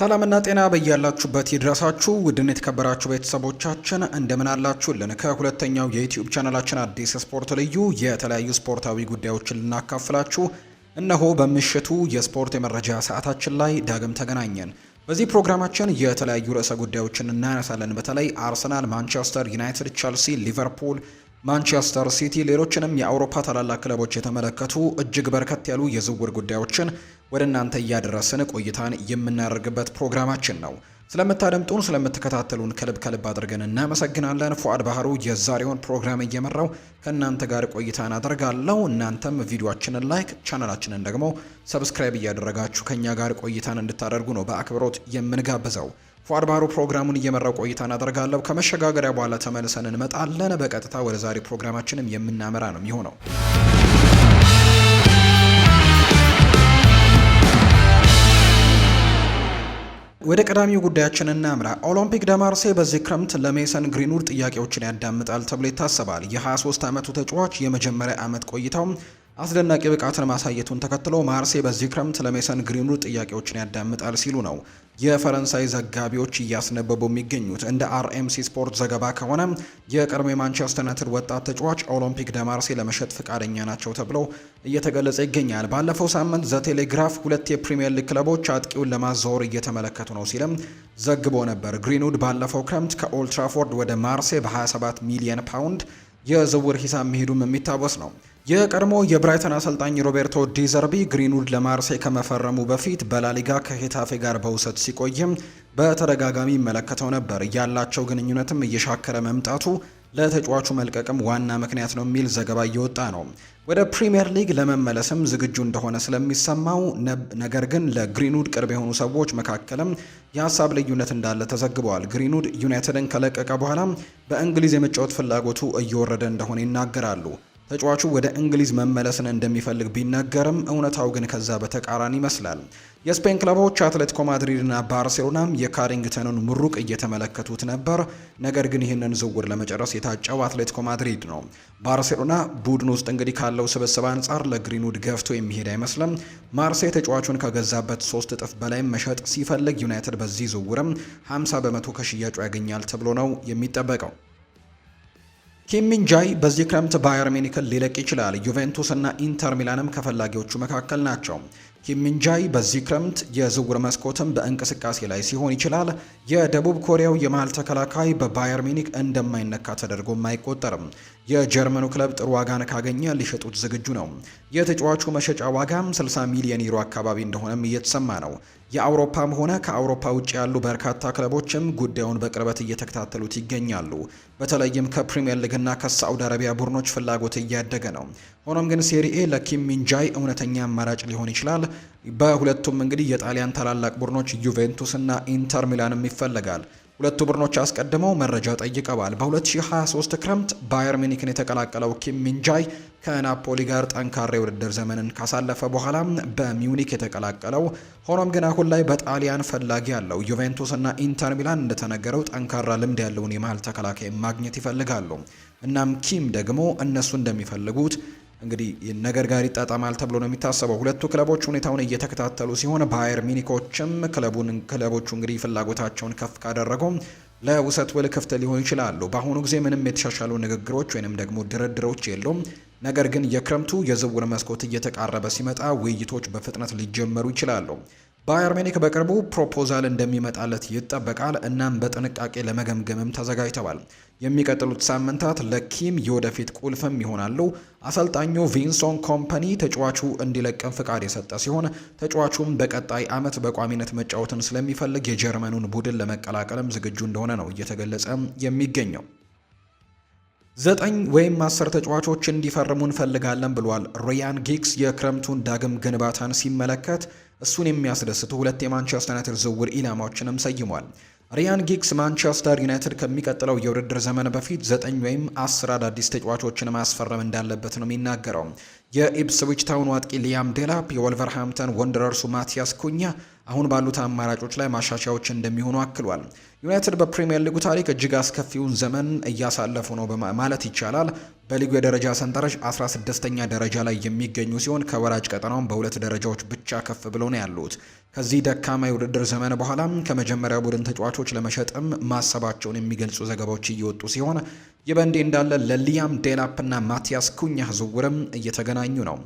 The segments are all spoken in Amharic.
ሰላምና ጤና በያላችሁበት ይድረሳችሁ። ውድን የተከበራችሁ ቤተሰቦቻችን እንደምን አላችሁልን? ከሁለተኛው የዩትዩብ ቻናላችን አዲስ ስፖርት ልዩ የተለያዩ ስፖርታዊ ጉዳዮችን ልናካፍላችሁ እነሆ በምሽቱ የስፖርት የመረጃ ሰዓታችን ላይ ዳግም ተገናኘን። በዚህ ፕሮግራማችን የተለያዩ ርዕሰ ጉዳዮችን እናነሳለን። በተለይ አርሰናል፣ ማንቸስተር ዩናይትድ፣ ቸልሲ፣ ሊቨርፑል፣ ማንቸስተር ሲቲ፣ ሌሎችንም የአውሮፓ ታላላቅ ክለቦች የተመለከቱ እጅግ በርከት ያሉ የዝውውር ጉዳዮችን ወደ እናንተ እያደረስን ቆይታን የምናደርግበት ፕሮግራማችን ነው። ስለምታደምጡን ስለምትከታተሉን ከልብ ከልብ አድርገን እናመሰግናለን። ፉአድ ባህሩ የዛሬውን ፕሮግራም እየመራው ከእናንተ ጋር ቆይታን አደርጋለሁ። እናንተም ቪዲዮችንን ላይክ፣ ቻናላችንን ደግሞ ሰብስክራይብ እያደረጋችሁ ከእኛ ጋር ቆይታን እንድታደርጉ ነው በአክብሮት የምንጋብዘው። ፉአድ ባህሩ ፕሮግራሙን እየመራው ቆይታን አደርጋለሁ። ከመሸጋገሪያ በኋላ ተመልሰን እንመጣለን። በቀጥታ ወደ ዛሬ ፕሮግራማችንም የምናመራ ነው የሚሆነው ወደ ቀዳሚው ጉዳያችን እናምራ። ኦሎምፒክ ደማርሴ በዚህ ክረምት ለሜሰን ግሪንውድ ጥያቄዎችን ያዳምጣል ተብሎ ይታሰባል። የ23 ዓመቱ ተጫዋች የመጀመሪያ ዓመት ቆይታው አስደናቂ ብቃትን ማሳየቱን ተከትሎ ማርሴ በዚህ ክረምት ለሜሰን ግሪንውድ ጥያቄዎችን ያዳምጣል ሲሉ ነው የፈረንሳይ ዘጋቢዎች እያስነበቡ የሚገኙት። እንደ አርኤምሲ ስፖርት ዘገባ ከሆነ የቀድሞ የማንቸስተር ዩናይትድ ወጣት ተጫዋች ኦሎምፒክ ደ ማርሴ ለመሸጥ ፈቃደኛ ናቸው ተብለው እየተገለጸ ይገኛል። ባለፈው ሳምንት ዘቴሌግራፍ ሁለት የፕሪምየር ሊግ ክለቦች አጥቂውን ለማዛወር እየተመለከቱ ነው ሲልም ዘግቦ ነበር። ግሪንውድ ባለፈው ክረምት ከኦልትራፎርድ ወደ ማርሴ በ27 ሚሊየን ፓውንድ የዝውውር ሂሳብ መሄዱም የሚታወስ ነው። የቀድሞ የብራይተን አሰልጣኝ ሮቤርቶ ዲዘርቢ ግሪንውድ ለማርሴይ ከመፈረሙ በፊት በላሊጋ ከሄታፌ ጋር በውሰት ሲቆይም በተደጋጋሚ ይመለከተው ነበር። ያላቸው ግንኙነትም እየሻከረ መምጣቱ ለተጫዋቹ መልቀቅም ዋና ምክንያት ነው የሚል ዘገባ እየወጣ ነው። ወደ ፕሪምየር ሊግ ለመመለስም ዝግጁ እንደሆነ ስለሚሰማው፣ ነገር ግን ለግሪንውድ ቅርብ የሆኑ ሰዎች መካከልም የሀሳብ ልዩነት እንዳለ ተዘግበዋል። ግሪንውድ ዩናይትድን ከለቀቀ በኋላ በእንግሊዝ የመጫወት ፍላጎቱ እየወረደ እንደሆነ ይናገራሉ። ተጫዋቹ ወደ እንግሊዝ መመለስን እንደሚፈልግ ቢናገርም እውነታው ግን ከዛ በተቃራኒ ይመስላል። የስፔን ክለቦች አትሌቲኮ ማድሪድና ባርሴሎናም የካሪንግተንን ምሩቅ እየተመለከቱት ነበር። ነገር ግን ይህንን ዝውውር ለመጨረስ የታጨው አትሌቲኮ ማድሪድ ነው። ባርሴሎና ቡድን ውስጥ እንግዲህ ካለው ስብስብ አንጻር ለግሪንውድ ገፍቶ የሚሄድ አይመስልም። ማርሴ ተጫዋቹን ከገዛበት ሶስት እጥፍ በላይ መሸጥ ሲፈልግ ዩናይትድ በዚህ ዝውውርም 50 በመቶ ከሽያጩ ያገኛል ተብሎ ነው የሚጠበቀው። ኪሚንጃይ በዚህ ክረምት ባየር ሚኒክን ሊለቅ ይችላል። ዩቬንቱስ እና ኢንተር ሚላንም ከፈላጊዎቹ መካከል ናቸው። ኪሚንጃይ በዚህ ክረምት የዝውውር መስኮትም በእንቅስቃሴ ላይ ሲሆን ይችላል። የደቡብ ኮሪያው የመሃል ተከላካይ በባየር ሚኒክ እንደማይነካ ተደርጎም አይቆጠርም። የጀርመኑ ክለብ ጥሩ ዋጋን ካገኘ ሊሸጡት ዝግጁ ነው። የተጫዋቹ መሸጫ ዋጋም 60 ሚሊዮን ዩሮ አካባቢ እንደሆነም እየተሰማ ነው። የአውሮፓም ሆነ ከአውሮፓ ውጭ ያሉ በርካታ ክለቦችም ጉዳዩን በቅርበት እየተከታተሉት ይገኛሉ። በተለይም ከፕሪምየር ሊግና ከሳዑዲ አረቢያ ቡድኖች ፍላጎት እያደገ ነው። ሆኖም ግን ሴሪኤ ለኪም ሚንጃይ እውነተኛ አማራጭ ሊሆን ይችላል። በሁለቱም እንግዲህ የጣሊያን ታላላቅ ቡድኖች ዩቬንቱስ እና ኢንተር ሚላንም ይፈለጋል። ሁለቱ ቡድኖች አስቀድመው መረጃ ጠይቀዋል። በ2023 ክረምት ባየር ሚኒክን የተቀላቀለው ኪም ሚንጃይ ከናፖሊ ጋር ጠንካራ የውድድር ዘመንን ካሳለፈ በኋላ በሚውኒክ የተቀላቀለው ሆኖም ግን አሁን ላይ በጣሊያን ፈላጊ ያለው ዩቬንቱስ እና ኢንተር ሚላን እንደተነገረው ጠንካራ ልምድ ያለውን የመሀል ተከላካይ ማግኘት ይፈልጋሉ። እናም ኪም ደግሞ እነሱ እንደሚፈልጉት እንግዲህ ነገር ጋር ይጣጣማል ተብሎ ነው የሚታሰበው። ሁለቱ ክለቦች ሁኔታውን እየተከታተሉ ሲሆን ባየር ሚኒኮችም ክለቡን ክለቦቹ እንግዲህ ፍላጎታቸውን ከፍ ካደረጉ ለውሰት ውል ክፍት ሊሆን ይችላሉ። በአሁኑ ጊዜ ምንም የተሻሻሉ ንግግሮች ወይንም ደግሞ ድርድሮች የሉም። ነገር ግን የክረምቱ የዝውውር መስኮት እየተቃረበ ሲመጣ ውይይቶች በፍጥነት ሊጀመሩ ይችላሉ። ባየር ሚኒክ በቅርቡ ፕሮፖዛል እንደሚመጣለት ይጠበቃል። እናም በጥንቃቄ ለመገምገምም ተዘጋጅተዋል። የሚቀጥሉት ሳምንታት ለኪም የወደፊት ቁልፍም ይሆናሉ። አሰልጣኙ ቪንሶን ኮምፓኒ ተጫዋቹ እንዲለቅም ፍቃድ የሰጠ ሲሆን ተጫዋቹም በቀጣይ ዓመት በቋሚነት መጫወትን ስለሚፈልግ የጀርመኑን ቡድን ለመቀላቀልም ዝግጁ እንደሆነ ነው እየተገለጸ የሚገኘው። ዘጠኝ ወይም አስር ተጫዋቾች እንዲፈርሙ እንፈልጋለን ብሏል። ሪያን ጊግስ የክረምቱን ዳግም ግንባታን ሲመለከት እሱን የሚያስደስቱ ሁለት የማንቸስተር ዩናይትድ ዝውውር ኢላማዎችንም ሰይሟል። ሪያን ጊግስ ማንቸስተር ዩናይትድ ከሚቀጥለው የውድድር ዘመን በፊት ዘጠኝ ወይም አስር አዳዲስ ተጫዋቾችን ማስፈረም እንዳለበት ነው የሚናገረው። የኢፕስዊች ታውኑ አጥቂ ሊያም ዴላፕ፣ የወልቨርሃምተን ወንደረርሱ ማቲያስ ኩኛ አሁን ባሉት አማራጮች ላይ ማሻሻያዎች እንደሚሆኑ አክሏል። ዩናይትድ በፕሪምየር ሊጉ ታሪክ እጅግ አስከፊውን ዘመን እያሳለፉ ነው ማለት ይቻላል። በሊጉ የደረጃ ሰንጠረዥ 16ኛ ደረጃ ላይ የሚገኙ ሲሆን ከወራጅ ቀጠናውን በሁለት ደረጃዎች ብቻ ከፍ ብለው ነው ያሉት። ከዚህ ደካማ የውድድር ዘመን በኋላ ከመጀመሪያ ቡድን ተጫዋቾች ለመሸጥም ማሰባቸውን የሚገልጹ ዘገባዎች እየወጡ ሲሆን ይህ በእንዲህ እንዳለ ለሊያም ዴላፕና ማቲያስ ኩኛህ ዝውውርም እየተገናኙ ነው።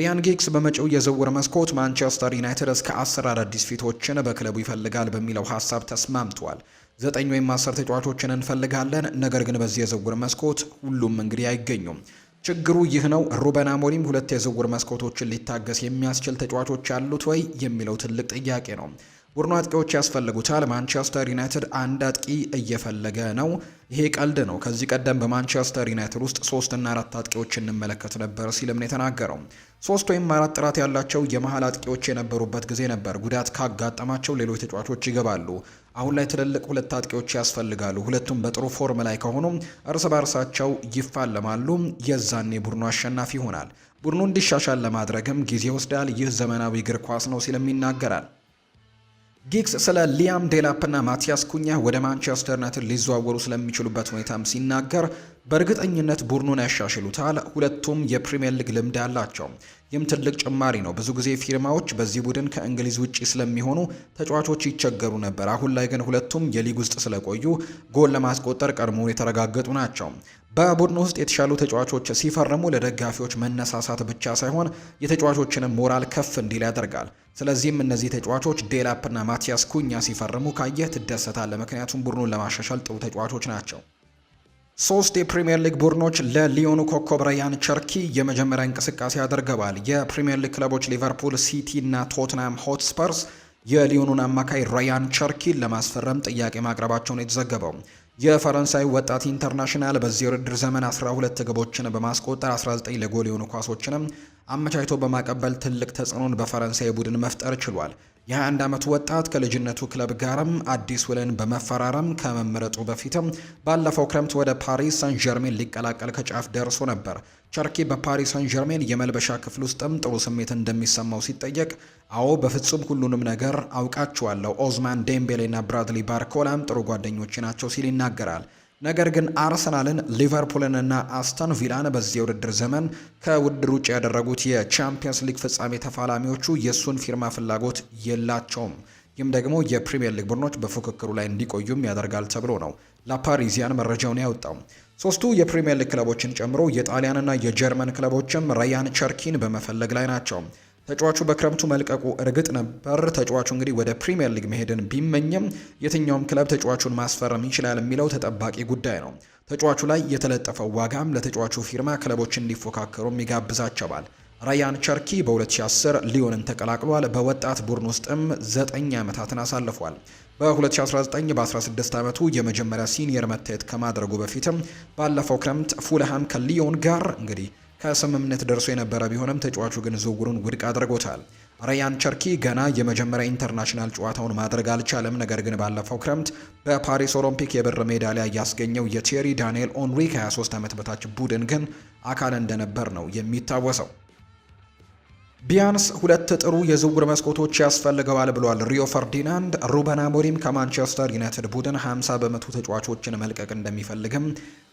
ሪያን ጊግስ በመጪው የዝውውር መስኮት ማንቸስተር ዩናይትድ እስከ አስር አዳዲስ ፊቶችን በክለቡ ይፈልጋል በሚለው ሀሳብ ተስማምቷል። ዘጠኝ ወይም አስር ተጫዋቾችን እንፈልጋለን። ነገር ግን በዚህ የዝውውር መስኮት ሁሉም እንግዲህ አይገኙም። ችግሩ ይህ ነው። ሩበን አሞሪም ሁለት የዝውውር መስኮቶችን ሊታገስ የሚያስችል ተጫዋቾች ያሉት ወይ የሚለው ትልቅ ጥያቄ ነው። ቡድኑ አጥቂዎች ያስፈልጉታል። ማንቸስተር ዩናይትድ አንድ አጥቂ እየፈለገ ነው። ይሄ ቀልድ ነው። ከዚህ ቀደም በማንቸስተር ዩናይትድ ውስጥ እና አራት አጥቂዎች እንመለከት ነበር ሲልም ነው የተናገረው። ሶስት ወይም አራት ጥራት ያላቸው የመሀል አጥቂዎች የነበሩበት ጊዜ ነበር። ጉዳት ካጋጠማቸው ሌሎች ተጫዋቾች ይገባሉ። አሁን ላይ ትልልቅ ሁለት አጥቂዎች ያስፈልጋሉ። ሁለቱም በጥሩ ፎርም ላይ ከሆኑ እርስ በርሳቸው ይፋለማሉ። የዛኔ ቡድኑ አሸናፊ ይሆናል። ቡድኑ እንዲሻሻል ለማድረግም ጊዜ ይወስዳል። ይህ ዘመናዊ እግር ኳስ ነው ሲልም ይናገራል። ጊግስ ስለ ሊያም ዴላፕና ማቲያስ ኩኛ ወደ ማንቸስተር ዩናይትድ ሊዘዋወሩ ስለሚችሉበት ሁኔታም ሲናገር በእርግጠኝነት ቡድኑን ያሻሽሉታል። ሁለቱም የፕሪምየር ሊግ ልምድ አላቸው። ይህም ትልቅ ጭማሪ ነው። ብዙ ጊዜ ፊርማዎች በዚህ ቡድን ከእንግሊዝ ውጪ ስለሚሆኑ ተጫዋቾች ይቸገሩ ነበር። አሁን ላይ ግን ሁለቱም የሊግ ውስጥ ስለቆዩ ጎል ለማስቆጠር ቀድሞውን የተረጋገጡ ናቸው። በቡድን ውስጥ የተሻሉ ተጫዋቾች ሲፈርሙ ለደጋፊዎች መነሳሳት ብቻ ሳይሆን የተጫዋቾችንም ሞራል ከፍ እንዲል ያደርጋል። ስለዚህም እነዚህ ተጫዋቾች ዴላፕና ማቲያስ ኩኛ ሲፈርሙ ካየህ ትደሰታለህ፣ ምክንያቱም ቡድኑን ለማሻሻል ጥሩ ተጫዋቾች ናቸው። ሶስት የፕሪምየር ሊግ ቡድኖች ለሊዮኑ ኮከብ ራያን ቸርኪ የመጀመሪያ እንቅስቃሴ አድርገዋል። የፕሪምየር ሊግ ክለቦች ሊቨርፑል፣ ሲቲ እና ቶትናም ሆትስፐርስ የሊዮኑን አማካይ ራያን ቸርኪን ለማስፈረም ጥያቄ ማቅረባቸውን የተዘገበው የፈረንሳይ ወጣት ኢንተርናሽናል በዚህ ውድድር ዘመን 12 ግቦችን በማስቆጠር 19 ለጎል የሆኑ ኳሶችንም አመቻችቶ በማቀበል ትልቅ ተጽዕኖን በፈረንሳይ ቡድን መፍጠር ችሏል። የ የአንድ ዓመቱ ወጣት ከልጅነቱ ክለብ ጋርም አዲስ ውልን በመፈራረም ከመመረጡ በፊትም ባለፈው ክረምት ወደ ፓሪስ ሳን ጀርሜን ሊቀላቀል ከጫፍ ደርሶ ነበር። ቸርኪ በፓሪስ ሳን ጀርሜን የመልበሻ ክፍል ውስጥም ጥሩ ስሜት እንደሚሰማው ሲጠየቅ፣ አዎ በፍጹም ሁሉንም ነገር አውቃቸዋለሁ፣ ኦዝማን ዴምቤሌና ብራድሊ ባርኮላም ጥሩ ጓደኞች ናቸው ሲል ይናገራል። ነገር ግን አርሰናልን፣ ሊቨርፑልን እና አስተን ቪላን በዚህ የውድድር ዘመን ከውድድር ውጭ ያደረጉት የቻምፒየንስ ሊግ ፍጻሜ ተፋላሚዎቹ የእሱን ፊርማ ፍላጎት የላቸውም። ይህም ደግሞ የፕሪምየር ሊግ ቡድኖች በፉክክሩ ላይ እንዲቆዩም ያደርጋል ተብሎ ነው ላፓሪዚያን መረጃውን ያወጣው። ሶስቱ የፕሪምየር ሊግ ክለቦችን ጨምሮ የጣሊያንና የጀርመን ክለቦችም ራያን ቸርኪን በመፈለግ ላይ ናቸው። ተጫዋቹ በክረምቱ መልቀቁ እርግጥ ነበር። ተጫዋቹ እንግዲህ ወደ ፕሪምየር ሊግ መሄድን ቢመኝም የትኛውም ክለብ ተጫዋቹን ማስፈረም ይችላል የሚለው ተጠባቂ ጉዳይ ነው። ተጫዋቹ ላይ የተለጠፈው ዋጋም ለተጫዋቹ ፊርማ ክለቦች እንዲፎካከሩም ይጋብዛቸዋል። ራያን ቸርኪ በ2010 ሊዮንን ተቀላቅሏል። በወጣት ቡድን ውስጥም ዘጠኝ ዓመታትን አሳልፏል። በ2019 በ16 ዓመቱ የመጀመሪያ ሲኒየር መታየት ከማድረጉ በፊትም ባለፈው ክረምት ፉልሃም ከሊዮን ጋር እንግዲህ ከስምምነት ደርሶ የነበረ ቢሆንም ተጫዋቹ ግን ዝውውሩን ውድቅ አድርጎታል። ራያን ቸርኪ ገና የመጀመሪያ ኢንተርናሽናል ጨዋታውን ማድረግ አልቻለም። ነገር ግን ባለፈው ክረምት በፓሪስ ኦሎምፒክ የብር ሜዳሊያ ያስገኘው የቴሪ ዳንኤል ኦንሪ ከ23 ዓመት በታች ቡድን ግን አካል እንደነበር ነው የሚታወሰው። ቢያንስ ሁለት ጥሩ የዝውውር መስኮቶች ያስፈልገዋል ብሏል ሪዮ ፈርዲናንድ። ሩበን አሞሪም ከማንቸስተር ዩናይትድ ቡድን 50 በመቶ ተጫዋቾችን መልቀቅ እንደሚፈልግም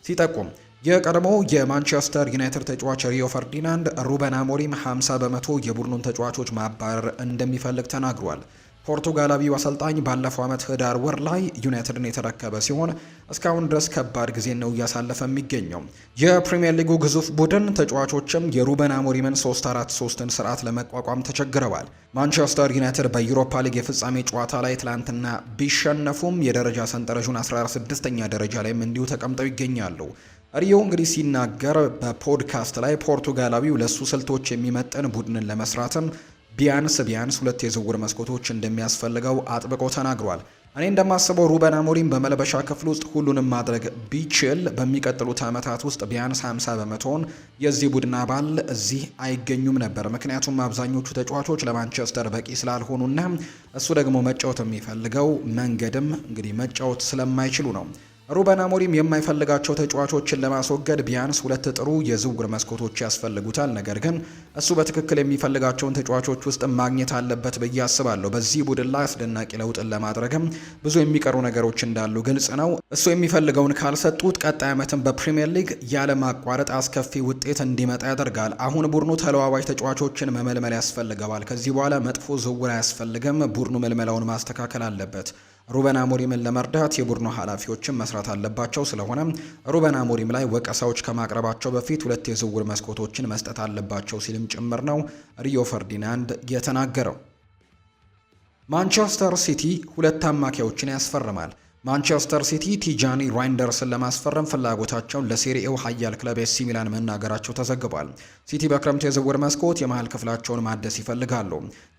ሲጠቁም የቀድሞው የማንቸስተር ዩናይትድ ተጫዋች ሪዮ ፈርዲናንድ ሩበን አሞሪም 50 በመቶ የቡድኑን ተጫዋቾች ማባረር እንደሚፈልግ ተናግሯል። ፖርቱጋላዊው አሰልጣኝ ባለፈው ዓመት ህዳር ወር ላይ ዩናይትድን የተረከበ ሲሆን እስካሁን ድረስ ከባድ ጊዜ ነው እያሳለፈ የሚገኘው። የፕሪምየር ሊጉ ግዙፍ ቡድን ተጫዋቾችም የሩበን አሞሪምን 343ን ስርዓት ለመቋቋም ተቸግረዋል። ማንቸስተር ዩናይትድ በዩሮፓ ሊግ የፍጻሜ ጨዋታ ላይ ትላንትና ቢሸነፉም የደረጃ ሰንጠረዡን 16ኛ ደረጃ ላይም እንዲሁ ተቀምጠው ይገኛሉ። ሪዮ እንግዲህ ሲናገር በፖድካስት ላይ ፖርቱጋላዊው ለሱ ስልቶች የሚመጥን ቡድንን ለመስራትም ቢያንስ ቢያንስ ሁለት የዝውውር መስኮቶች እንደሚያስፈልገው አጥብቆ ተናግሯል። እኔ እንደማስበው ሩበን አሞሪም በመልበሻ ክፍል ውስጥ ሁሉንም ማድረግ ቢችል በሚቀጥሉት ዓመታት ውስጥ ቢያንስ 50 በመቶውን የዚህ ቡድን አባል እዚህ አይገኙም ነበር። ምክንያቱም አብዛኞቹ ተጫዋቾች ለማንቸስተር በቂ ስላልሆኑና እሱ ደግሞ መጫወት የሚፈልገው መንገድም እንግዲህ መጫወት ስለማይችሉ ነው። ሩበን አሞሪም የማይፈልጋቸው ተጫዋቾችን ለማስወገድ ቢያንስ ሁለት ጥሩ የዝውውር መስኮቶች ያስፈልጉታል። ነገር ግን እሱ በትክክል የሚፈልጋቸውን ተጫዋቾች ውስጥ ማግኘት አለበት ብዬ አስባለሁ። በዚህ ቡድን ላይ አስደናቂ ለውጥን ለማድረግም ብዙ የሚቀሩ ነገሮች እንዳሉ ግልጽ ነው። እሱ የሚፈልገውን ካልሰጡት ቀጣይ ዓመትን በፕሪምየር ሊግ ያለ ማቋረጥ አስከፊ ውጤት እንዲመጣ ያደርጋል። አሁን ቡድኑ ተለዋዋጅ ተጫዋቾችን መመልመል ያስፈልገዋል። ከዚህ በኋላ መጥፎ ዝውውር አያስፈልግም። ቡድኑ መልመላውን ማስተካከል አለበት። ሩበን አሞሪምን ለመርዳት የቡድኑ ኃላፊዎችን መስራት አለባቸው። ስለሆነ ሩበን አሞሪም ላይ ወቀሳዎች ከማቅረባቸው በፊት ሁለት የዝውውር መስኮቶችን መስጠት አለባቸው ሲልም ጭምር ነው ሪዮ ፈርዲናንድ የተናገረው። ማንቸስተር ሲቲ ሁለት አማካዮችን ያስፈርማል። ማንቸስተር ሲቲ ቲጃኒ ራይንደርስን ለማስፈረም ፍላጎታቸውን ለሴሪኤው ሀያል ክለብ ኤሲ ሚላን መናገራቸው ተዘግቧል። ሲቲ በክረምቱ የዝውውር መስኮት የመሀል ክፍላቸውን ማደስ ይፈልጋሉ።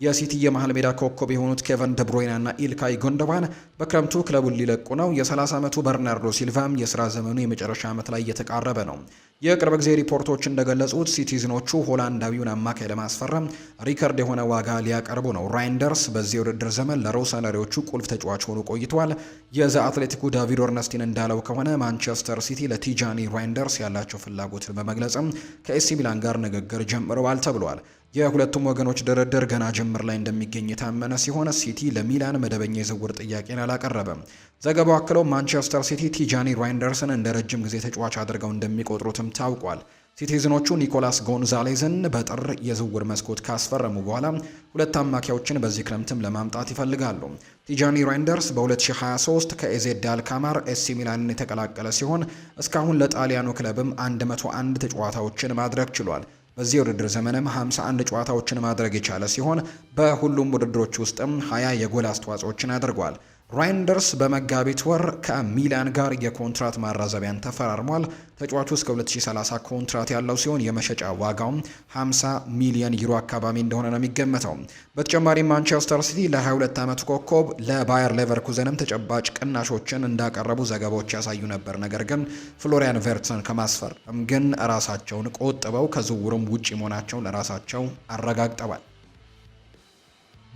የሲቲ የመሀል ሜዳ ኮከብ የሆኑት ኬቨን ደብሮይና ና ኢልካይ ጎንደባን በክረምቱ ክለቡን ሊለቁ ነው። የ30 ዓመቱ በርናርዶ ሲልቫም የስራ ዘመኑ የመጨረሻ ዓመት ላይ እየተቃረበ ነው። የቅርብ ጊዜ ሪፖርቶች እንደገለጹት ሲቲዝኖቹ ሆላንዳዊውን አማካይ ለማስፈረም ሪከርድ የሆነ ዋጋ ሊያቀርቡ ነው። ራይንደርስ በዚህ የውድድር ዘመን ለሮሰነሪዎቹ ቁልፍ ተጫዋች ሆኖ ቆይቷል። የዘ አትሌቲኩ ዳቪድ ኦርነስቲን እንዳለው ከሆነ ማንቸስተር ሲቲ ለቲጃኒ ራይንደርስ ያላቸው ፍላጎትን በመግለጽም ከኤሲ ሚላን ጋር ንግግር ጀምረዋል ተብሏል። የሁለቱም ወገኖች ድርድር ገና ጅምር ላይ እንደሚገኝ የታመነ ሲሆን ሲቲ ለሚላን መደበኛ የዝውውር ጥያቄን አላቀረበም። ዘገባው አክለው ማንቸስተር ሲቲ ቲጃኒ ራይንደርስን እንደ ረጅም ጊዜ ተጫዋች አድርገው እንደሚቆጥሩትም ታውቋል። ሲቲዝኖቹ ኒኮላስ ጎንዛሌዝን በጥር የዝውውር መስኮት ካስፈረሙ በኋላ ሁለት አማካዮችን በዚህ ክረምትም ለማምጣት ይፈልጋሉ። ቲጃኒ ራይንደርስ በ2023 ከኤዜድ አልካማር ኤሲ ሚላንን የተቀላቀለ ሲሆን እስካሁን ለጣሊያኑ ክለብም 101 ተጫዋታዎችን ማድረግ ችሏል። በዚህ የውድድር ዘመንም 51 ጨዋታዎችን ማድረግ የቻለ ሲሆን በሁሉም ውድድሮች ውስጥም 20 የጎል አስተዋጽኦችን አድርጓል። ራይንደርስ በመጋቢት ወር ከሚላን ጋር የኮንትራት ማራዘቢያን ተፈራርሟል። ተጫዋቹ እስከ 2030 ኮንትራት ያለው ሲሆን የመሸጫ ዋጋውም 50 ሚሊዮን ዩሮ አካባቢ እንደሆነ ነው የሚገመተው። በተጨማሪም ማንቸስተር ሲቲ ለ22 ዓመት ኮከብ ለባየር ሌቨርኩዘንም ተጨባጭ ቅናሾችን እንዳቀረቡ ዘገባዎች ያሳዩ ነበር። ነገር ግን ፍሎሪያን ቨርትስን ከማስፈረም ግን ራሳቸውን ቆጥበው ከዝውውሩም ውጪ መሆናቸውን ለራሳቸው አረጋግጠዋል።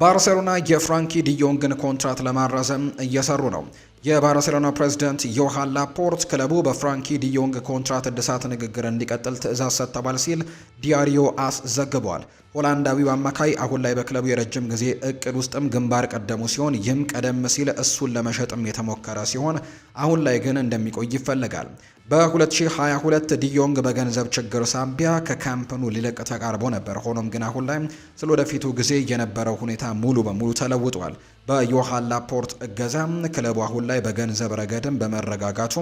ባርሴሎና የፍራንኪ ዲዮንግን ኮንትራት ለማራዘም እየሰሩ ነው። የባርሴሎና ፕሬዚደንት ዮሃን ላፖርት ክለቡ በፍራንኪ ዲዮንግ ኮንትራት እድሳት ንግግር እንዲቀጥል ትዕዛዝ ሰጥተዋል ሲል ዲያሪዮ አስ ዘግቧል። ሆላንዳዊው አማካይ አሁን ላይ በክለቡ የረጅም ጊዜ እቅድ ውስጥም ግንባር ቀደሙ ሲሆን ይህም ቀደም ሲል እሱን ለመሸጥም የተሞከረ ሲሆን አሁን ላይ ግን እንደሚቆይ ይፈለጋል። በ2022 ዲዮንግ በገንዘብ ችግር ሳቢያ ከካምፕኑ ሊለቅ ተቃርቦ ነበር። ሆኖም ግን አሁን ላይ ስለ ወደፊቱ ጊዜ የነበረው ሁኔታ ሙሉ በሙሉ ተለውጧል። በዮሃን ላፖርት እገዛ ክለቡ አሁን ላይ በገንዘብ ረገድም በመረጋጋቱ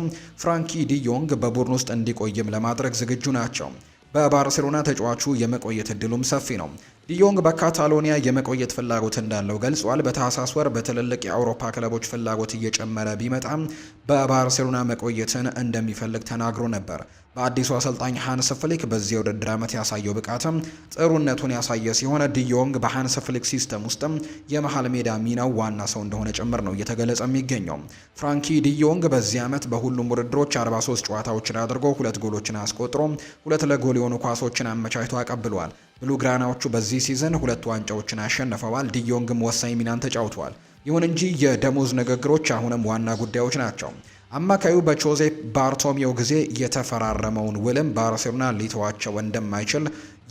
ፍራንኪ ዲዮንግ በቡድን ውስጥ እንዲቆይም ለማድረግ ዝግጁ ናቸው። በባርሴሎና ተጫዋቹ የመቆየት እድሉም ሰፊ ነው። ዲዮንግ በካታሎኒያ የመቆየት ፍላጎት እንዳለው ገልጿል። በታህሳስ ወር በትልልቅ የአውሮፓ ክለቦች ፍላጎት እየጨመረ ቢመጣም በባርሴሎና መቆየትን እንደሚፈልግ ተናግሮ ነበር። በአዲሱ አሰልጣኝ ሃንስ ፍሊክ በዚህ የውድድር ዓመት ያሳየው ብቃትም ጥሩነቱን ያሳየ ሲሆን ዲዮንግ በሃንስ ፍሊክ ሲስተም ውስጥም የመሃል ሜዳ ሚናው ዋና ሰው እንደሆነ ጭምር ነው እየተገለጸ የሚገኘው። ፍራንኪ ዲዮንግ በዚህ ዓመት በሁሉም ውድድሮች 43 ጨዋታዎችን አድርጎ ሁለት ጎሎችን አስቆጥሮ ሁለት ለጎል የሆኑ ኳሶችን አመቻችቶ አቀብሏል። ብሉግራናዎቹ በዚህ ሲዝን ሁለት ዋንጫዎችን አሸንፈዋል። ዲዮንግም ወሳኝ ሚናን ተጫውተዋል። ይሁን እንጂ የደሞዝ ንግግሮች አሁንም ዋና ጉዳዮች ናቸው። አማካዩ በቾዜ ባርቶሚዮ ጊዜ የተፈራረመውን ውልም ባርሴሎና ሊተዋቸው እንደማይችል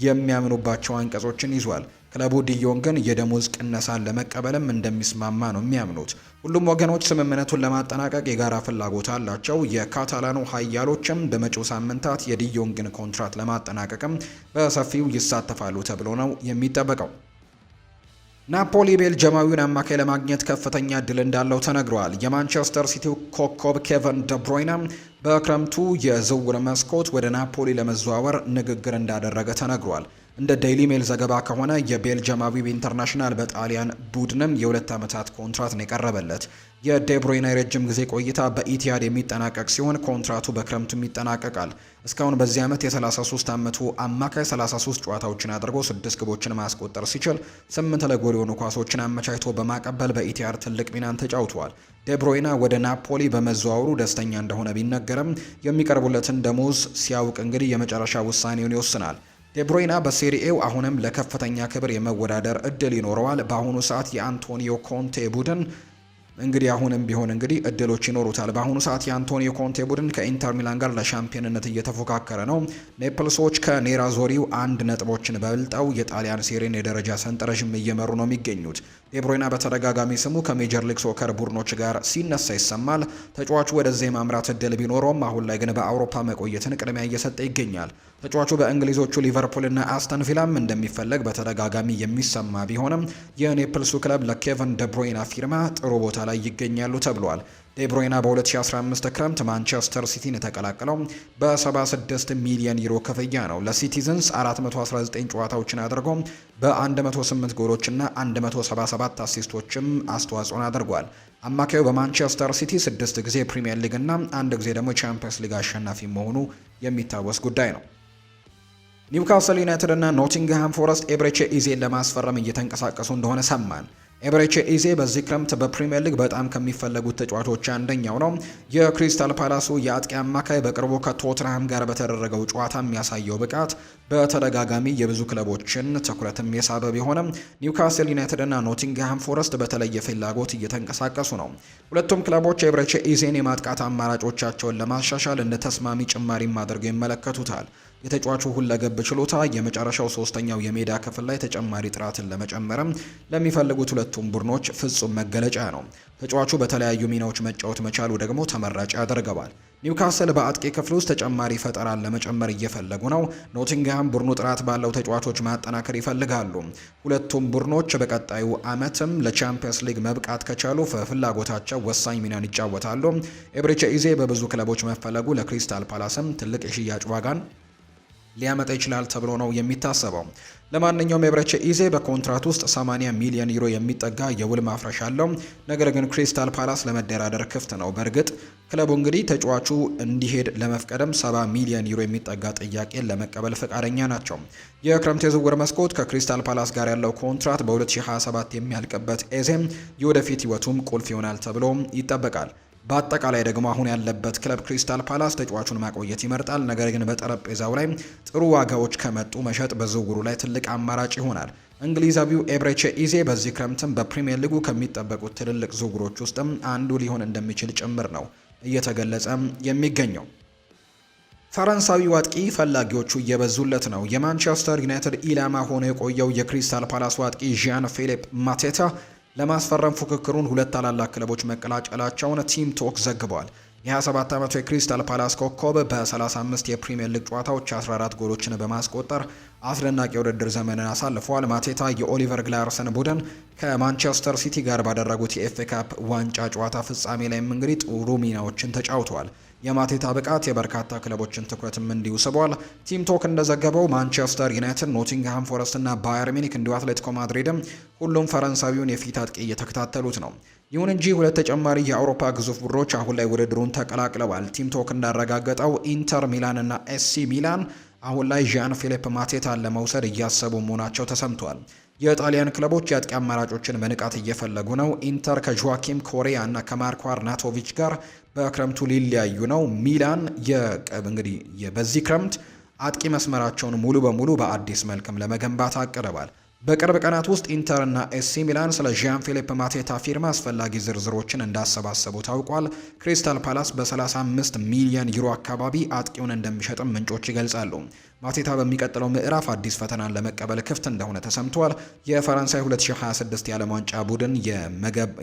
የሚያምኑባቸው አንቀጾችን ይዟል። ክለቡ ዲዮንግን የደሞዝ ቅነሳን ለመቀበልም እንደሚስማማ ነው የሚያምኑት። ሁሉም ወገኖች ስምምነቱን ለማጠናቀቅ የጋራ ፍላጎት አላቸው። የካታላኑ ሀያሎችም በመጪው ሳምንታት የዲዮንግን ኮንትራት ለማጠናቀቅም በሰፊው ይሳተፋሉ ተብሎ ነው የሚጠበቀው። ናፖሊ ቤልጅማዊውን አማካይ ለማግኘት ከፍተኛ እድል እንዳለው ተነግሯል። የማንቸስተር ሲቲው ኮከብ ኬቨን ደብሮይና በክረምቱ የዝውውር መስኮት ወደ ናፖሊ ለመዘዋወር ንግግር እንዳደረገ ተነግሯል። እንደ ዴይሊ ሜል ዘገባ ከሆነ የቤልጅየማዊው ኢንተርናሽናል በጣሊያን ቡድንም የሁለት ዓመታት ኮንትራት ነው የቀረበለት። የዴብሮይና የረጅም ጊዜ ቆይታ በኢቲያድ የሚጠናቀቅ ሲሆን ኮንትራቱ በክረምቱም ይጠናቀቃል። እስካሁን በዚህ ዓመት የ33 ዓመቱ አማካይ 33 ጨዋታዎችን አድርጎ 6 ግቦችን ማስቆጠር ሲችል 8 ለጎል የሆኑ ኳሶችን አመቻችቶ በማቀበል በኢቲያድ ትልቅ ሚናን ተጫውተዋል። ዴብሮይና ወደ ናፖሊ በመዘዋወሩ ደስተኛ እንደሆነ ቢነገርም የሚቀርቡለትን ደሞዝ ሲያውቅ እንግዲህ የመጨረሻ ውሳኔውን ይወስናል። ዴብሮይና በሴሪኤው አሁንም ለከፍተኛ ክብር የመወዳደር እድል ይኖረዋል። በአሁኑ ሰዓት የአንቶኒዮ ኮንቴ ቡድን እንግዲህ አሁንም ቢሆን እንግዲህ እድሎች ይኖሩታል። በአሁኑ ሰዓት የአንቶኒዮ ኮንቴ ቡድን ከኢንተር ሚላን ጋር ለሻምፒዮንነት እየተፎካከረ ነው። ኔፕልሶች ከኔራ ዞሪው አንድ ነጥቦችን በልጠው የጣሊያን ሴሪን የደረጃ ሰንጠረዥም እየመሩ ነው የሚገኙት። ዴብሮይና በተደጋጋሚ ስሙ ከሜጀር ሊግ ሶከር ቡድኖች ጋር ሲነሳ ይሰማል። ተጫዋቹ ወደዚህ የማምራት እድል ቢኖረውም አሁን ላይ ግን በአውሮፓ መቆየትን ቅድሚያ እየሰጠ ይገኛል። ተጫዋቹ በእንግሊዞቹ ሊቨርፑልና አስተን ቪላም እንደሚፈለግ በተደጋጋሚ የሚሰማ ቢሆንም የኔፕልሱ ክለብ ለኬቨን ደብሮይና ፊርማ ጥሩ ቦታ ላይ ይገኛሉ ተብሏል። ዴብሮይና በ2015 ክረምት ማንቸስተር ሲቲን የተቀላቀለው በ76 ሚሊዮን ዩሮ ክፍያ ነው። ለሲቲዝንስ 419 ጨዋታዎችን አድርጎ በ108 ጎሎችና 177 አሲስቶችም አስተዋጽኦን አድርጓል። አማካዩ በማንቸስተር ሲቲ ስድስት ጊዜ ፕሪምየር እና አንድ ጊዜ ደግሞ ቻምፒየንስ ሊግ አሸናፊ መሆኑ የሚታወስ ጉዳይ ነው። ኒውካስል ዩናይትድ እና ኖቲንግሃም ፎረስት ኤብሬቼ ኢዜን ለማስፈረም እየተንቀሳቀሱ እንደሆነ ሰማን። ኤብሬቼ ኢዜ በዚህ ክረምት በፕሪምየር ሊግ በጣም ከሚፈለጉት ተጫዋቾች አንደኛው ነው። የክሪስታል ፓላሱ የአጥቂ አማካይ በቅርቡ ከቶትንሃም ጋር በተደረገው ጨዋታ የሚያሳየው ብቃት በተደጋጋሚ የብዙ ክለቦችን ትኩረትም የሳበ ቢሆንም ኒውካስል ዩናይትድ እና ኖቲንግሃም ፎረስት በተለየ ፍላጎት እየተንቀሳቀሱ ነው። ሁለቱም ክለቦች ኤብሬቼ ኢዜን የማጥቃት አማራጮቻቸውን ለማሻሻል እንደ ተስማሚ ጭማሪም አድርገው ይመለከቱታል። የተጫዋቹ ሁለገብ ችሎታ የመጨረሻው ሶስተኛው የሜዳ ክፍል ላይ ተጨማሪ ጥራትን ለመጨመርም ለሚፈልጉት ሁለቱም ቡድኖች ፍጹም መገለጫ ነው። ተጫዋቹ በተለያዩ ሚናዎች መጫወት መቻሉ ደግሞ ተመራጭ ያደርገዋል። ኒውካስል በአጥቂ ክፍል ውስጥ ተጨማሪ ፈጠራን ለመጨመር እየፈለጉ ነው። ኖቲንግሃም ቡድኑ ጥራት ባለው ተጫዋቾች ማጠናከር ይፈልጋሉ። ሁለቱም ቡድኖች በቀጣዩ ዓመትም ለቻምፒየንስ ሊግ መብቃት ከቻሉ በፍላጎታቸው ወሳኝ ሚናን ይጫወታሉ። ኤብሪቼ ኢዜ በብዙ ክለቦች መፈለጉ ለክሪስታል ፓላስም ትልቅ የሽያጭ ዋጋን ሊያመጣ ይችላል ተብሎ ነው የሚታሰበው። ለማንኛውም የብረቸ ኢዜ በኮንትራት ውስጥ 80 ሚሊዮን ዩሮ የሚጠጋ የውል ማፍረሻ አለው። ነገር ግን ክሪስታል ፓላስ ለመደራደር ክፍት ነው። በእርግጥ ክለቡ እንግዲህ ተጫዋቹ እንዲሄድ ለመፍቀድም 70 ሚሊዮን ዩሮ የሚጠጋ ጥያቄን ለመቀበል ፈቃደኛ ናቸው። የክረምት የዝውውር መስኮት ከክሪስታል ፓላስ ጋር ያለው ኮንትራት በ2027 የሚያልቅበት ኤዜም የወደፊት ህይወቱም ቁልፍ ይሆናል ተብሎ ይጠበቃል። በአጠቃላይ ደግሞ አሁን ያለበት ክለብ ክሪስታል ፓላስ ተጫዋቹን ማቆየት ይመርጣል። ነገር ግን በጠረጴዛው ላይ ጥሩ ዋጋዎች ከመጡ መሸጥ በዝውውሩ ላይ ትልቅ አማራጭ ይሆናል። እንግሊዛዊው ኤብሬቼ ኢዜ በዚህ ክረምትም በፕሪምየር ሊጉ ከሚጠበቁት ትልልቅ ዝውውሮች ውስጥም አንዱ ሊሆን እንደሚችል ጭምር ነው እየተገለጸ የሚገኘው። ፈረንሳዊ አጥቂ ፈላጊዎቹ እየበዙለት ነው። የማንቸስተር ዩናይትድ ኢላማ ሆኖ የቆየው የክሪስታል ፓላስ አጥቂ ዣን ፊሊፕ ማቴታ ለማስፈረም ፉክክሩን ሁለት ታላላቅ ክለቦች መቀላጨላቸውን ቲም ቶክ ዘግቧል። የ27 ዓመቱ የክሪስታል ፓላስ ኮከብ በ35 የፕሪምየር ሊግ ጨዋታዎች 14 ጎሎችን በማስቆጠር አስደናቂ የውድድር ዘመንን አሳልፏል። ማቴታ የኦሊቨር ግላርሰን ቡድን ከማንቸስተር ሲቲ ጋር ባደረጉት የኤፍኤ ካፕ ዋንጫ ጨዋታ ፍጻሜ ላይም እንግዲህ ጥሩ ሚናዎችን ተጫውተዋል። የማቴታ ብቃት የበርካታ ክለቦችን ትኩረትም እንዲሁ ስቧል። ቲም ቶክ እንደዘገበው ማንቸስተር ዩናይትድ፣ ኖቲንግሃም ፎረስት እና ባየር ሚኒክ እንዲሁ አትሌቲኮ ማድሪድም ሁሉም ፈረንሳዊውን የፊት አጥቂ እየተከታተሉት ነው። ይሁን እንጂ ሁለት ተጨማሪ የአውሮፓ ግዙፍ ቡድኖች አሁን ላይ ውድድሩን ተቀላቅለዋል። ቲም ቶክ እንዳረጋገጠው ኢንተር ሚላን እና ኤሲ ሚላን አሁን ላይ ዣን ፊሊፕ ማቴታን ለመውሰድ እያሰቡ መሆናቸው ተሰምቷል። የጣሊያን ክለቦች የአጥቂ አማራጮችን በንቃት እየፈለጉ ነው። ኢንተር ከጆዋኪም ኮሪያ እና ከማርኮ አርናቶቪች ጋር በክረምቱ ሊለያዩ ነው። ሚላን እንግዲህ በዚህ ክረምት አጥቂ መስመራቸውን ሙሉ በሙሉ በአዲስ መልክም ለመገንባት አቅርቧል። በቅርብ ቀናት ውስጥ ኢንተር እና ኤሲ ሚላን ስለ ዣን ፊሊፕ ማቴታ ፊርማ አስፈላጊ ዝርዝሮችን እንዳሰባሰቡ ታውቋል። ክሪስታል ፓላስ በ35 ሚሊዮን ዩሮ አካባቢ አጥቂውን እንደሚሸጥም ምንጮች ይገልጻሉ። ማቴታ በሚቀጥለው ምዕራፍ አዲስ ፈተናን ለመቀበል ክፍት እንደሆነ ተሰምቷል። የፈረንሳይ 2026 የዓለም ዋንጫ ቡድን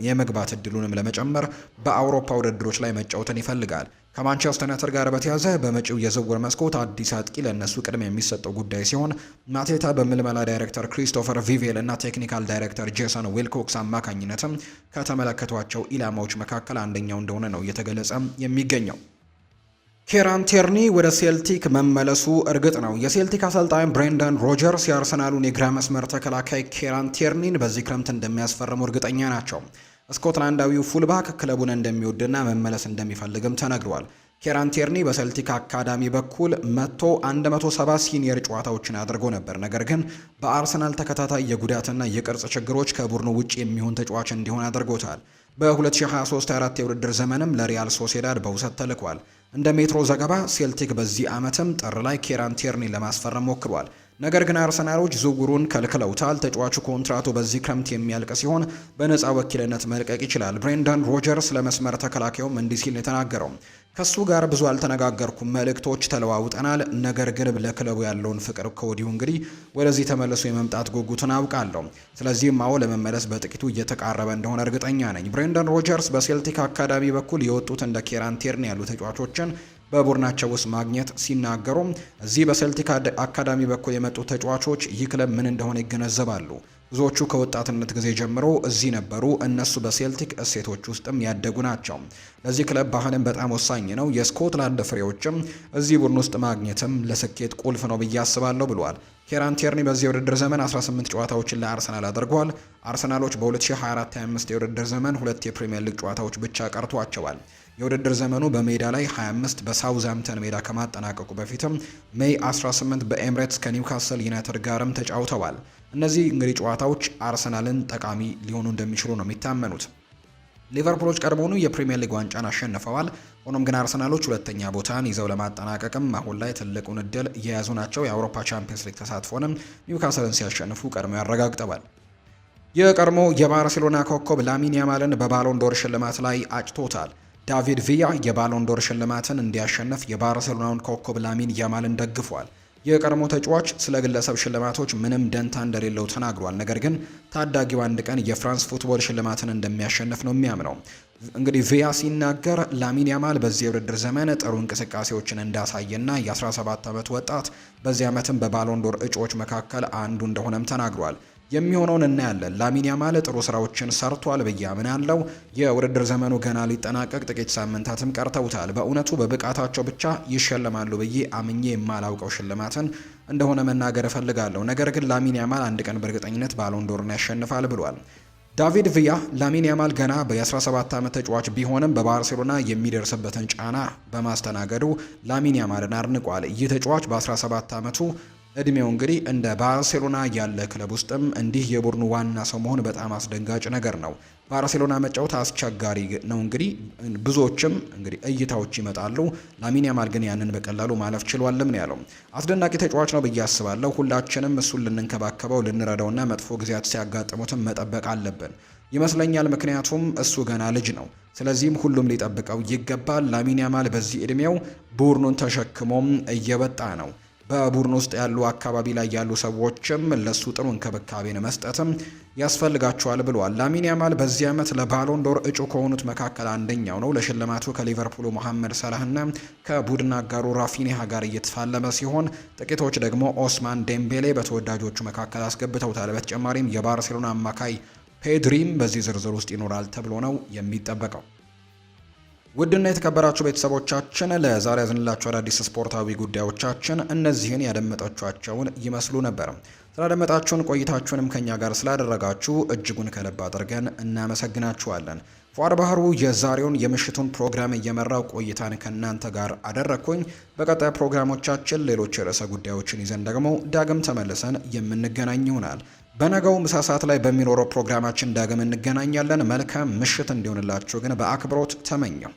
የመግባት እድሉንም ለመጨመር በአውሮፓ ውድድሮች ላይ መጫወትን ይፈልጋል። ከማንቸስተር ዩናይትድ ጋር በተያዘ በመጪው የዝውውር መስኮት አዲስ አጥቂ ለእነሱ ቅድሚያ የሚሰጠው ጉዳይ ሲሆን ማቴታ በምልመላ ዳይሬክተር ክሪስቶፈር ቪቬል እና ቴክኒካል ዳይሬክተር ጄሰን ዊልኮክስ አማካኝነትም ከተመለከቷቸው ኢላማዎች መካከል አንደኛው እንደሆነ ነው እየተገለጸ የሚገኘው። ኬራን ቴርኒ ወደ ሴልቲክ መመለሱ እርግጥ ነው። የሴልቲክ አሰልጣኝ ብሬንደን ሮጀርስ የአርሰናሉን የግራ መስመር ተከላካይ ኬራን ቴርኒን በዚህ ክረምት እንደሚያስፈርሙ እርግጠኛ ናቸው። ስኮትላንዳዊው ፉልባክ ክለቡን እንደሚወድና መመለስ እንደሚፈልግም ተነግሯል። ኬራን ቴርኒ በሰልቲክ አካዳሚ በኩል 1መቶ 170 ሲኒየር ጨዋታዎችን አድርጎ ነበር። ነገር ግን በአርሰናል ተከታታይ የጉዳትና የቅርጽ ችግሮች ከቡድኑ ውጭ የሚሆን ተጫዋች እንዲሆን አድርጎታል። በ2023/24 የውድድር ዘመንም ለሪያል ሶሴዳድ በውሰት ተልኳል። እንደ ሜትሮ ዘገባ ሴልቲክ በዚህ ዓመትም ጥር ላይ ኬራን ቴርኒ ለማስፈረም ሞክሯል። ነገር ግን አርሰናሎች ዝውውሩን ከልክለውታል። ተጫዋቹ ኮንትራቱ በዚህ ክረምት የሚያልቅ ሲሆን በነፃ ወኪልነት መልቀቅ ይችላል። ብሬንዳን ሮጀርስ ለመስመር ተከላካዩም እንዲህ ሲል የተናገረው ከሱ ጋር ብዙ አልተነጋገርኩም፣ መልእክቶች ተለዋውጠናል። ነገር ግን ለክለቡ ያለውን ፍቅር ከወዲሁ እንግዲህ ወደዚህ ተመልሶ የመምጣት ጉጉትን አውቃለሁ። ስለዚህም አዎ ለመመለስ በጥቂቱ እየተቃረበ እንደሆነ እርግጠኛ ነኝ። ብሬንዳን ሮጀርስ በሴልቲክ አካዳሚ በኩል የወጡት እንደ ኬራን ያሉ ተጫዋቾችን በቡድናቸው ውስጥ ማግኘት ሲናገሩ እዚህ በሴልቲክ አካዳሚ በኩል የመጡ ተጫዋቾች ይህ ክለብ ምን እንደሆነ ይገነዘባሉ። ብዙዎቹ ከወጣትነት ጊዜ ጀምሮ እዚህ ነበሩ። እነሱ በሴልቲክ እሴቶች ውስጥም ያደጉ ናቸው። ለዚህ ክለብ ባህልም በጣም ወሳኝ ነው። የስኮትላንድ ፍሬዎችም እዚህ ቡድን ውስጥ ማግኘትም ለስኬት ቁልፍ ነው ብዬ አስባለሁ ብሏል። ኬራን ቴርኒ በዚህ የውድድር ዘመን 18 ጨዋታዎችን ለአርሰናል አድርጓል። አርሰናሎች በ2024/25 የውድድር ዘመን ሁለት የፕሪምየር ሊግ ጨዋታዎች ብቻ ቀርቷቸዋል። የውድድር ዘመኑ በሜዳ ላይ 25 በሳውዝሃምፕተን ሜዳ ከማጠናቀቁ በፊትም ሜይ 18 በኤምሬትስ ከኒውካስል ዩናይትድ ጋርም ተጫውተዋል። እነዚህ እንግዲህ ጨዋታዎች አርሰናልን ጠቃሚ ሊሆኑ እንደሚችሉ ነው የሚታመኑት። ሊቨርፑሎች ቀድሞውኑ የፕሪምየር ሊግ ዋንጫን አሸንፈዋል። ሆኖም ግን አርሰናሎች ሁለተኛ ቦታን ይዘው ለማጠናቀቅም አሁን ላይ ትልቁን እድል የያዙ ናቸው። የአውሮፓ ቻምፒየንስ ሊግ ተሳትፎንም ኒውካስልን ሲያሸንፉ ቀድሞ ያረጋግጠዋል። የቀድሞ የባርሴሎና ኮከብ ላሚን ያማልን በባሎንዶር ሽልማት ላይ አጭቶታል። ዳቪድ ቪያ የባሎንዶር ሽልማትን እንዲያሸንፍ የባርሴሎናውን ኮከብ ላሚን ያማልን ደግፏል። የቀድሞ ተጫዋች ስለ ግለሰብ ሽልማቶች ምንም ደንታ እንደሌለው ተናግሯል። ነገር ግን ታዳጊው አንድ ቀን የፍራንስ ፉትቦል ሽልማትን እንደሚያሸንፍ ነው የሚያምነው። እንግዲህ ቪያ ሲናገር ላሚን ያማል በዚህ የውድድር ዘመን ጥሩ እንቅስቃሴዎችን እንዳሳየና የ17 ዓመት ወጣት በዚህ ዓመትም በባሎንዶር እጩዎች መካከል አንዱ እንደሆነም ተናግሯል። የሚሆነውን እናያለን። ላሚን ያማል ጥሩ ስራዎችን ሰርቷል ብዬ አምናለሁ። የውድድር ዘመኑ ገና ሊጠናቀቅ ጥቂት ሳምንታትም ቀርተውታል። በእውነቱ በብቃታቸው ብቻ ይሸለማሉ ብዬ አምኜ የማላውቀው ሽልማትን እንደሆነ መናገር እፈልጋለሁ። ነገር ግን ላሚን ያማል አንድ ቀን በእርግጠኝነት ባሎንዶርን ያሸንፋል ብሏል። ዳቪድ ቪያ ላሚን ያማል ገና በ17 ዓመት ተጫዋች ቢሆንም በባርሴሎና የሚደርስበትን ጫና በማስተናገዱ ላሚን ያማልን አድንቋል። ይህ ተጫዋች በ17 ዓመቱ እድሜው እንግዲህ እንደ ባርሴሎና ያለ ክለብ ውስጥም እንዲህ የቡድኑ ዋና ሰው መሆን በጣም አስደንጋጭ ነገር ነው። ባርሴሎና መጫወት አስቸጋሪ ነው። እንግዲህ ብዙዎችም እንግዲህ እይታዎች ይመጣሉ። ላሚን ያማል ግን ያንን በቀላሉ ማለፍ ችሏልም ነው ያለው። አስደናቂ ተጫዋች ነው ብዬ አስባለሁ። ሁላችንም እሱን ልንንከባከበው፣ ልንረዳውና መጥፎ ጊዜያት ሲያጋጥሙትም መጠበቅ አለብን ይመስለኛል። ምክንያቱም እሱ ገና ልጅ ነው። ስለዚህም ሁሉም ሊጠብቀው ይገባል። ላሚን ያማል በዚህ እድሜው ቡድኑን ተሸክሞም እየወጣ ነው። በቡድን ውስጥ ያሉ አካባቢ ላይ ያሉ ሰዎችም ለሱ ጥሩ እንክብካቤን መስጠትም ያስፈልጋቸዋል ብሏል። ላሚን ያማል በዚህ ዓመት ለባሎን ዶር እጩ ከሆኑት መካከል አንደኛው ነው። ለሽልማቱ ከሊቨርፑሉ መሐመድ ሰላህና ከቡድን አጋሩ ራፊኒሃ ጋር እየተፋለመ ሲሆን፣ ጥቂቶች ደግሞ ኦስማን ዴምቤሌ በተወዳጆቹ መካከል አስገብተውታል። በተጨማሪም የባርሴሎና አማካይ ፔድሪም በዚህ ዝርዝር ውስጥ ይኖራል ተብሎ ነው የሚጠበቀው። ውድና የተከበራችሁ ቤተሰቦቻችን ለዛሬ ያዝንላችሁ አዳዲስ ስፖርታዊ ጉዳዮቻችን እነዚህን ያደመጣችኋቸውን ይመስሉ ነበር። ስላደመጣችሁን ቆይታችሁንም ከኛ ጋር ስላደረጋችሁ እጅጉን ከልብ አድርገን እናመሰግናችኋለን። ፏር ባህሩ የዛሬውን የምሽቱን ፕሮግራም እየመራው ቆይታን ከእናንተ ጋር አደረግኩኝ። በቀጣይ ፕሮግራሞቻችን ሌሎች የርዕሰ ጉዳዮችን ይዘን ደግሞ ዳግም ተመልሰን የምንገናኝ ይሆናል። በነገው ምሳ ሰዓት ላይ በሚኖረው ፕሮግራማችን ዳግም እንገናኛለን። መልካም ምሽት እንዲሆንላችሁ ግን በአክብሮት ተመኘው።